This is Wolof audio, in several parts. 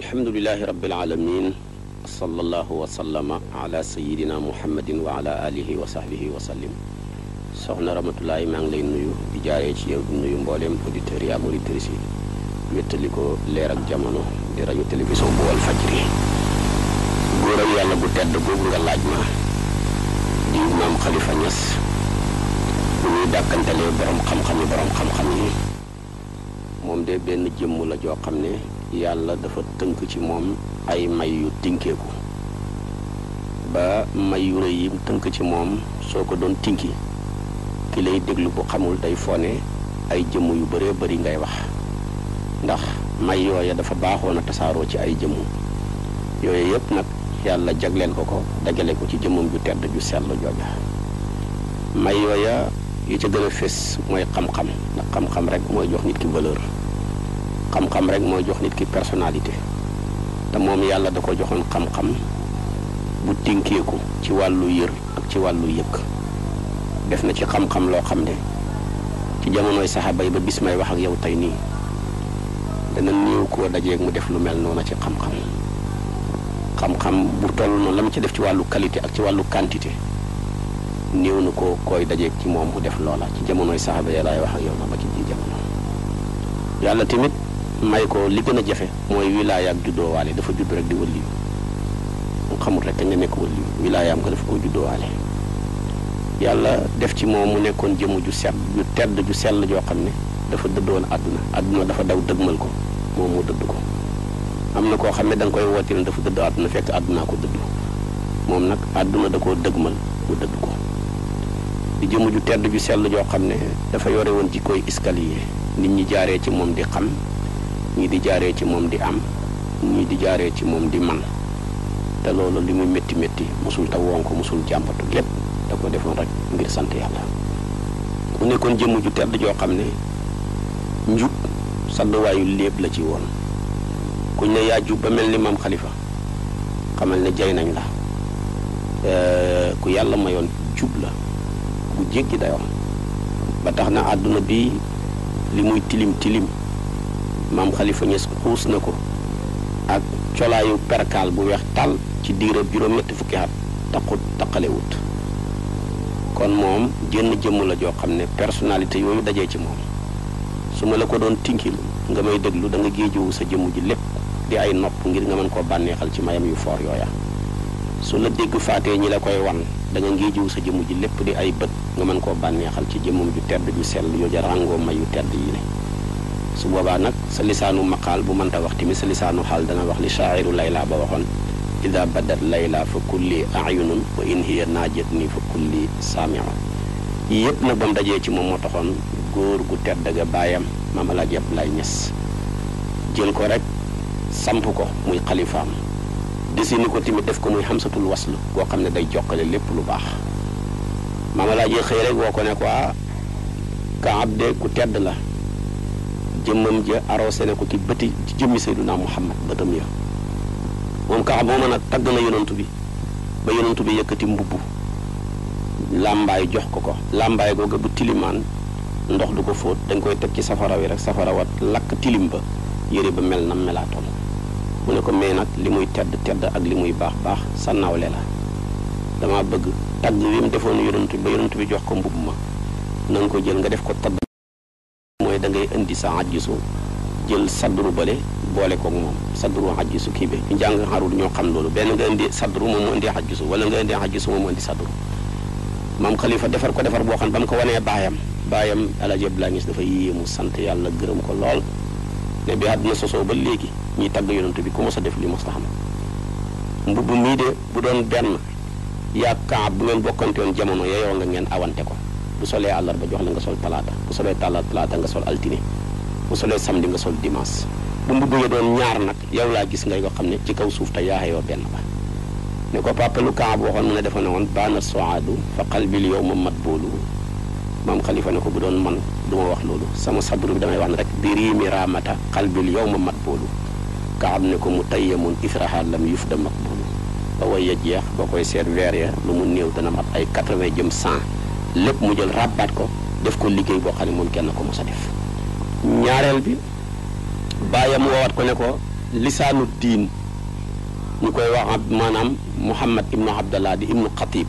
alhamdulilahi rabbil alamin sallallahu wa sallama ala sayidina muhammadin wa ala alihi wa soxna ramatulaay maa ngi lay nuyu di ci yow di nuyu mbooleem auditeurs yi ak auditrices yi wéttali ko leer ak jamono di rajo télévision bu wal fajri góoram yàlla bu tedd googu nga laaj ma di maam xalifa ñas bu ñuy dàkkantalee borom xam xam-xam yi moom de benn jëmm la joo xam ne yàlla dafa tënk ci moom ay may yu tinkeeku ba may yu rëy tënk ci moom soo ko doon tinki ki lay déglu bu xamul day fone ay jëmm yu bëree bari ngay wax ndax may yooya dafa baaxoon a tasaaroo ci ay jëmm yooyu yëpp nag yàlla jagleen ko ko dajale ko ci jëmmam ju tedd ju sell jooja may yooya yi ca gën a fés mooy xam-xam ndax xam-xam rek mooy jox nit ki valeur xam-xam rek moo jox nit ki personnalité te moom yàlla da ko joxoon xam-xam bu tinkeeku ci wàllu yër ak ci wàllu yëkk def na ci xam-xam loo xam ne ci jamonoy saxaaba yi ba bis may wax ak yow tey nii dana néew koo dajeeg mu def lu mel noonu ci xam-xam xam-xam bu toll noonu la mu ci def ci wàllu qualité ak ci wàllu quantité néew na ko koy dajeeg ci moom mu def loola ci jamonoy saxaaba yi laay wax ak yow na ba ci ji jamono yàlla tamit may ko li gën a jafe mooy wilaaya ak juddoowaale dafa judd rek di wëlli mu xamul rek nga nekk wëlli wilaayaam ko dafa ko juddoowaale yàlla def ci moom mu nekkoon jëmu ju set ju tedd ju sell joo xam ne dafa dëddoon àdduna àdduna dafa daw dëgmal ko moom moo ko am na koo xam ne da koy woote dafa dëdd àdduna fekk àddunaa ko dëdd moom nag àdduna da koo dëgmal mu dëdd ko di jëmu ju tedd ju sell joo xam ne dafa yore woon ci koy escalier nit ñi jaaree ci moom di xam ñii di jaaree ci moom di am ñii di jaaree ci moom di man te loolu li muy métti métti mosul te wonk ko mosul jàmbatu lépp da ko defoon rek ngir sant yàlla mu nekkoon jëmm ju tedd joo xam ne njub sadduwaayu lépp la ci woon kuñ ne yaa jub ba mel ni maam xalifa xamal ne jay nañ la euh, ku yàlla mayoon jub la bu jéggi dayoo ba tax na àdduna bi li muy tilim tilim Mam khalifa ñes xuus na ko ak colaayu perkal bu wex tal ci diirab juróom ñetti fukki at taqut taqalewut kon mom jenn jëm la jo xamne ne personnalité yoyu dajé ci mom suma la ko doon tinkil nga may deglu da nga sa jëm ji lepp di ay nopp ngir nga man ko bànneexal ci mayam yu for yoya su la dégg faatee ñi la koy wan da nga ngéejiw sa jëm ji lepp di ay bëtt nga man ko bànneexal ci jëmmam ju tedd ju sel yu ja mayu tedd yi ne su boobaa nag sa lisaanu maqaal bu mënta wax tamit sa lisaanu xaal dana wax li shaa'iru layla ba waxoon ida badat layla fa kulli ayunun wa in hiya naajat ni fa kulli saamia yëpp nag ba dajee ci moom moo taxoon góor gu tedd ga baayam maam Alaaji Abdoulaye Niass jël ko rek samp ko muy xalifaam desini ko tamit def ko muy xamsatul waslu koo xam ne day jokkale lépp lu baax maam Alaaji xëy rek woo ko ne ko ah, Kaab de ku tedd la jëmmam ja arrosé ne ko ci bëti ci jëmmi sayyiduna muhammad dem ya moom ka mooma nag tag na yonentou bi ba yonentou bi yëkkati mbubbu lambay jox ko ko lambay goga bu tiliman ndox du ko fot dañ koy tek ci safara wi rek safara wat lak tilim ba yére ba mel na melaatoon mu ne ko mais nak limuy tedd tedd ak limuy bax bax sa nawle la dama bëgg tag wi mu defoon yonantu ba bi jox ko mbubbu ma nang ko jël nga def ko tadd indi sa so, jël sadru bale bolé ko mom sadru ajisu kii bi njàng xarul ñoo xam lolu ben nga indi sadru mom mu indi ajisu wala nga indi ajisu moom mu indi sadru mam khalifa defar ko defar bo xam bam ko wone bayam bayam ala jeb la ngiss dafa yému sant yalla gërem ko lol ne bi hadna soso ba légui ñi tag yonent bi ko mos def li mos taxam mbubb de bu doon ben ya kaab bu ngeen bokkantewoon jamono yeyo nga ngeen awante ko bu solee àllarba jox la nga sol talaata bu solee tàlla talaata nga sol altine bu solee samedi nga sol dimanche bu ya doon ñaar nag yow laa gis ngay ko xam ne ci kaw suuf ta yaa benn ba ne ko papa lu kaab waxoon mu ne dafa ne woon baana soaadu fa yow mat boolu maam ne ko bu doon man du ma wax loolu sama sabru bi damay wax rek diri miramata qalbil yow ma mat boolu kaab ne ko mu tayyamun israha lam yuf da mat boolu ba way ya jeex ba koy seet weer ya lu mu néew dana mat ay 80 jëm 100 lépp mu jël ràbbaat ko def ko liggéey boo xam ne moom kenn ko mos a def ñaareel bi bàyyam woowaat ko ne ko lisaanu diin ñu koy wax maanaam Muhammad ibnu Abdallah di ibnu Xatib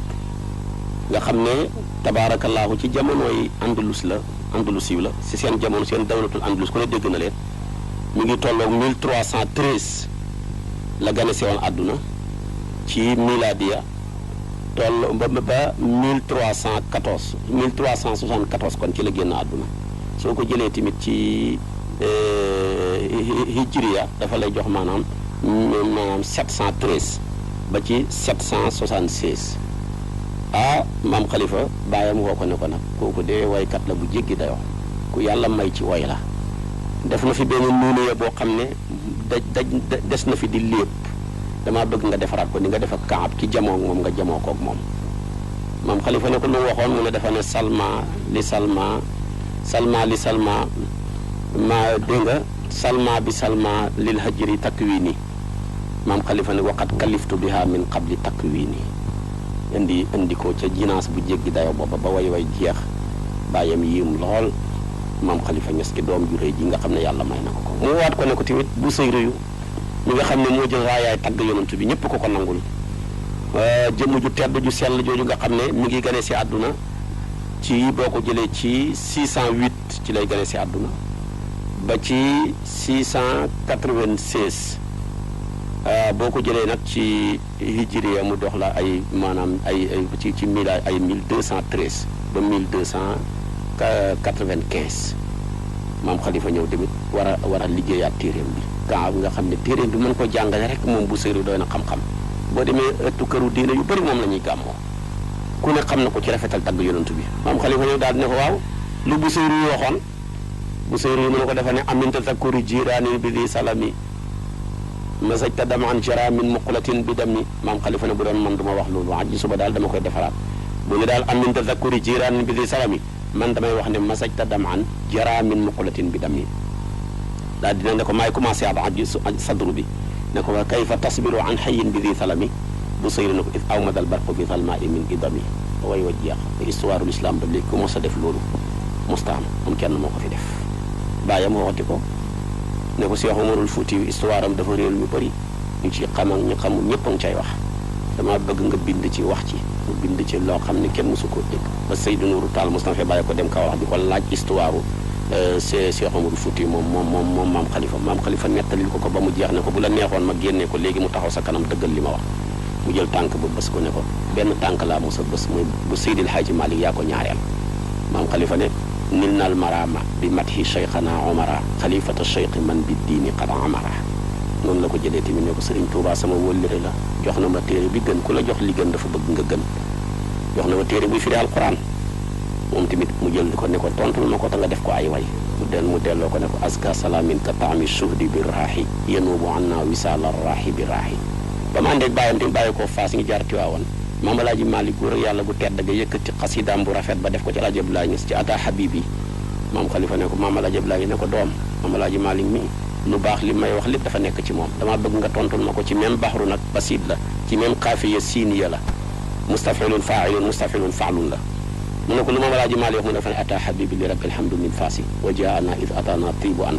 nga xam ne tabaarakallaahu ci jamono jamonoy Andalus la Andalus yi la si seen jamono seen dawlatul Andalus ku ne dégg na leen mu ngi tolloog 1313 la gane si woon àdduna ci miladiya toll ba cent ba 1314 1374 kon ci la génn àdduna soo ko jëlee tamit ci euh, hijriya dafa lay jox maanaam mm, maanaam 713 ba ci 776 ah maam Khalifa bàyyam woo ko ne ko nag kooku dee waykat la bu jéggi dayoo ku yàlla may ci woy la def na fi benn nuunu ya boo xam ne daj daj des na fi di léeb dama bëgg nga defaraat ko ni nga def ak kaab ki ak mom nga ko ak mom maam khalifa ne ko lu waxon mu ne dafa salma li salma salma li salma ma de nga salma bi salma lil hajri takwini mam khalifa ne waqat kaliftu biha min qabli takwini indi indi ko ca jinaas bu jéggi dayo booba ba way way jeex lol, yim lol maam khalifa ñes ki doom ju rëy ji nga xamne yalla may nako ko mu wat ko ne ko bu sey reuyu mi nga xamne mo jël rayay tag yonent bi ñepp ko ko nangul euh, jëm ju tedd ju sell joju nga xamne mi ngi gane ci aduna ci boko jëlé ci 608 ci lay gane ci aduna ba ci 696 euh boko jëlé nak ci hijriya mu dox la ay manam ay ay ci ci mila ay 1213 ba 1295 mam khalifa ñew demit wara wara liggéeyat tirem bi gaaw nga xam ne téere du mën ko jàngale rek moom bu sëriñ doy na xam-xam boo demee ëttu këru diine yu bëri moom la ñuy gàmmoo ku ne xam na ko ci rafetal tagg yonantu bi maam xalifa ñëw daal ne ko waaw lu bu sëriñ waxoon bu sëriñ mën ko defa ne aminta takkuri jiraani bi di salami masajta dama an jara min muqulatin bi dami maam xalifa ne bu doon man du ma wax loolu aji suba daal dama koy defaraat bu ñu daal amin tadakkuri jiraan bi di salami man damay wax ne masajta dam an jara min muqulatin bi dami دادنا نكو ماي كوما سي عبد صدر بي نكو كيف تصبر عن حي بذي ثلمي بصير نكو اذ اومد البرق في ظلماء من قدمي وي وجيا استوار الاسلام بلي كوما سا ديف لولو مستعان ممكن موكو في ديف بايا مو واتيكو نكو سي عمر الفوتي استوارام دافا ريول مي بري ني سي خام ني خام نيب نتي اي واخ دما بغ نغ بيند سي واخ سي بيند سي لو خام ني كين نور تعال مصطفى بايا كو ديم كا Cheikh Oumar Fouti moom moom moom moom maam Khalifa maam Khalifa nettalil ko ko ba mu jeex ne ko bu la neexoon ma génnee ko léegi mu taxaw sa kanam dëggal li ma wax mu jël tànk ba bés ko ne ko benn tànk laa mos a bés muy bu Seydil Hadji Malick yaa ko ñaareel maam Khalifa ne nil nal marama bi mathi cheikhana omara xalifata cheikh man bi diini qad amara noonu la ko jëlee tamit ne ko Serigne Touba sama wóllëre la jox na ma téere bi gën ku la jox li gën dafa bëgg nga gën jox na ma téere buy firi alquran moom tamit mu jël ko ne ko tontul ma ko te nga def ko ay way mu del mu delloo ko ne ko aska salaamin ka taami suhdi bi raaxi yenuubu an naa wisaala raaxi bi raaxi ba mu àndeeg bàyyam tamit bàyyi ko faas ngi jaar tiwaawoon maam alaaji maalik góor yàlla gu tedd ga yëkkati xasidaam bu rafet ba def ko ci alaaji Abdoulaye Niass ci ataa xabib yi maam xalifa ne ko maam alaaji Abdoulaye ne ko doom maam alaaji maalik mi baax li may wax lépp dafa nekk ci moom dama bëgg nga tontul ma ko ci même baxru nag basid la ci même xaafiya siiniya la mustafilun failun mustafilun faalun la mu ne ko lu ma walaa ji maali wax mu ne fa ne ata habibi li rabbil hamdu min wa jaana id atana tibu an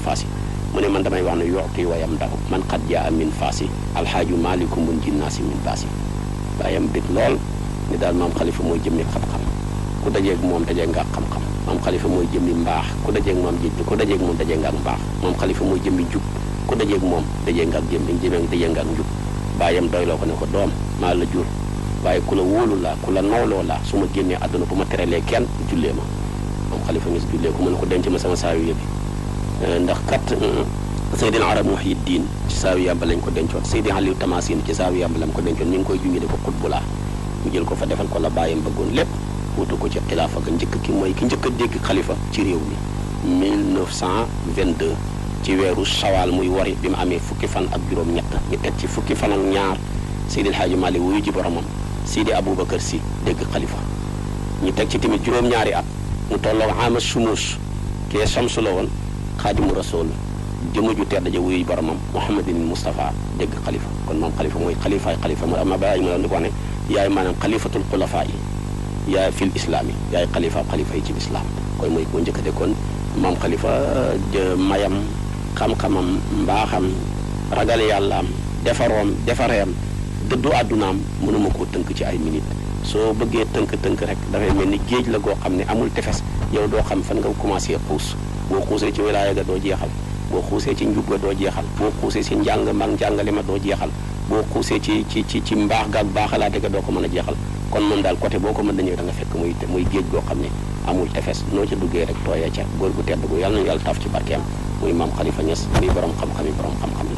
mu ne man damay wax ne yuti wa yamdahu man qad jaa min faasi alxaaju maaliku mun jinnaasi min faasi bàyyam bit lool ni daal maam xalifa mooy jëmmi xam-xam ku dajeeg moom dajeeg nga xam-xam maam xalifa mooy jëmmi mbaax ku dajeeg moom jëj ku dajeeg moom dajeeg nga ak mbaax maam xalifa mooy jëmmi jub ku dajeeg moom dajeeg nga ak jëmmi jëmee dajeeg nga ak njub bàyyam doy loo ko ne ko doom maa la jur waaye ku la wóolu laa ku la nawloo laa su ma génnee àdduna bu ma terelee kenn jullee ma ko mën ko denc ma sama ndax kat seydina arab muhiddin ci saawi yàmba lañ ko dencoon seydina aliou tamasin ci saawi yàmba ya lañ ko dencoon ñu ngi koy jungi ne ko xutbu mu jël ko fa defal ko la bàyyam bëggoon lépp wutu ko ci xilaafa ga njëkk ki mooy ki njëkk a dégg xalifa ci réew mi 1922 ci weeru sawaal muy wari bi mu amee fukki fan ak juróom ñett ñu teg ci fukki fan ak ñaar seydil mali wuyu ji boromam abu Aboubacar si dégg xalifa ñu teg ci tamit juróom-ñaari at mu tolloog ama sumus kee samsu la woon xaadimu rasool jëmm ju tedd ja wuyu boromam Mouhamadin Moustapha dégg xalifa kon moom xalifa mooy xalifaay xalifa mooy ama bàyyi ma la di ko wax islaam yi yaay xalifa xalifa yi kon koo njëkk a déggoon moom xalifa mayam xam-xamam mbaaxam ragal yàlla defaroom defareem dëddu àddunaam mënuma koo tënk ci ay minute soo bëggee tënk-tënk rek dafay mel ni géej la goo xam ne amul tefes yow doo xam fan commencé xuus boo xuusee ci wilaaya ga doo jeexal boo xuusee ci njub ga doo jeexal boo xuusee ci njàng mag njàngale ma doo jeexal boo xuusee ci ci ci ci mbaax gaag baaxalaate ga doo ko mën a jeexal kon moom daal côté boo ko mën dañëw da nga fekk muy muy géej goo xam ne amul tefes noo ca duggee rek tooyee ca góor gu tedd gu yàlla nañu yàlla taaf ci barkeem muy maam Khalifa Niass muy borom xam-xam yi borom xam-xam